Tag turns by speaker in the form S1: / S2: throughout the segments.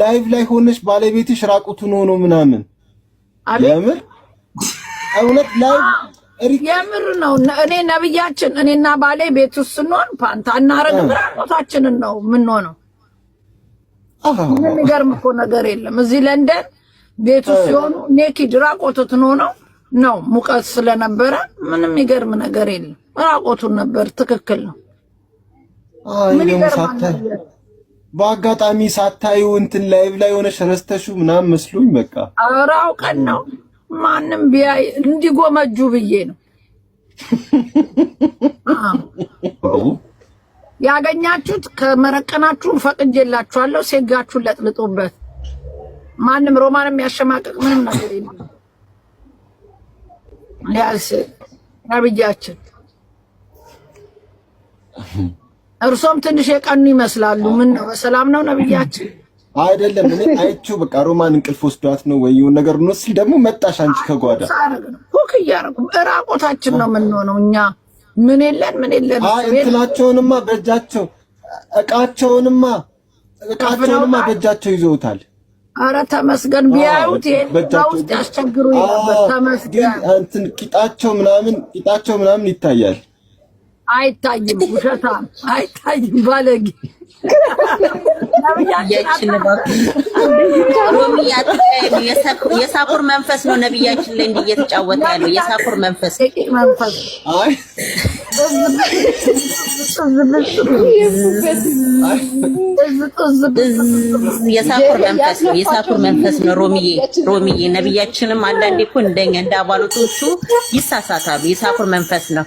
S1: ላይቭ ላይ ሆነሽ ባለቤትሽ ራቁቱን ሆኖ ምናምን የምር እውነት
S2: የምር ነው። እኔ ነብያችን እኔና ባሌ ቤት ውስጥ ስንሆን ፓንታ እናረግ ራቁታችንን ነው የምንሆነው። ምን እኮ ነገር የለም። እዚህ ለንደን ቤት ውስጥ ሲሆኑ ኔኪድ ራቆቱን ሆነው ነው ሙቀት ስለነበረ ምንም ይገርም ነገር የለም። ራቆቱን ነበር። ትክክል ነው።
S1: ምን ይገርማል? በአጋጣሚ ሳታዩ እንትን ላይቭ ላይ የሆነች ረስተሹ ምናምን መስሉኝ በቃ
S2: ኧረ አውቀን ነው ማንም ቢያይ እንዲጎመጁ ብዬ ነው ያገኛችሁት ከመረቀናችሁ ፈቅጄላችኋለሁ። ሴጋችሁን ለጥልጡበት። ማንም ሮማን የሚያሸማቅቅ ምንም ነገር የለም። ያስ ነብያችን እርሶም ትንሽ የቀኑ ይመስላሉ። ምን ነው በሰላም ነው ነብያችን?
S1: አይደለም እኔ አይቼው በቃ ሮማን እንቅልፍ ወስዷት ነው ወይ የሆነ ነገር ነው ሲል ደግሞ መጣሽ አንቺ ከጓዳ
S2: ሁክ እያረጉ እራቆታችን ነው የምንሆነው እኛ ምን የለን ምን የለን።
S1: አይ እንትናቸውንማ በእጃቸው እቃቸውንማ እቃቸውንማ በእጃቸው ይዘውታል።
S2: አረ ተመስገን ቢያዩት ይሄን ያስቸግሩ ነበር። ተመስገን
S1: እንትን ቂጣቸው ምናምን ቂጣቸው ምናምን ይታያል።
S2: አይታይም ውሸታም፣ አይታይም ባለጌ። የሳኩር
S3: መንፈስ ነው ነብያችን ላይ እንዲህ እየተጫወተ ያለው የሳኩር መንፈስ
S2: መንፈስ። የሳኩር መንፈስ ነው
S3: የሳኩር መንፈስ ነው። ሮሚዬ ሮሚዬ፣ ነብያችንም አንዳንዴ እኮ እንደኛ እንደ አባሎቶቹ ይሳሳታሉ። የሳኩር መንፈስ ነው።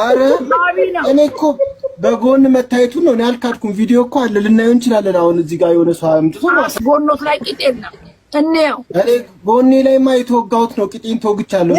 S1: አረ እኔ እኮ በጎን መታየቱ ነው እኔ አልካድኩም። ቪዲዮ እኮ አለ ልናየው እንችላለን። አሁን እዚህ ጋር የሆነ ሰው አምጥቶ
S2: ጎኖት ላይ ቂጤ ነው እንየው።
S1: እኔ ጎኔ ላይማ የተወጋሁት ነው ቂጤን ተወግቻለሁ።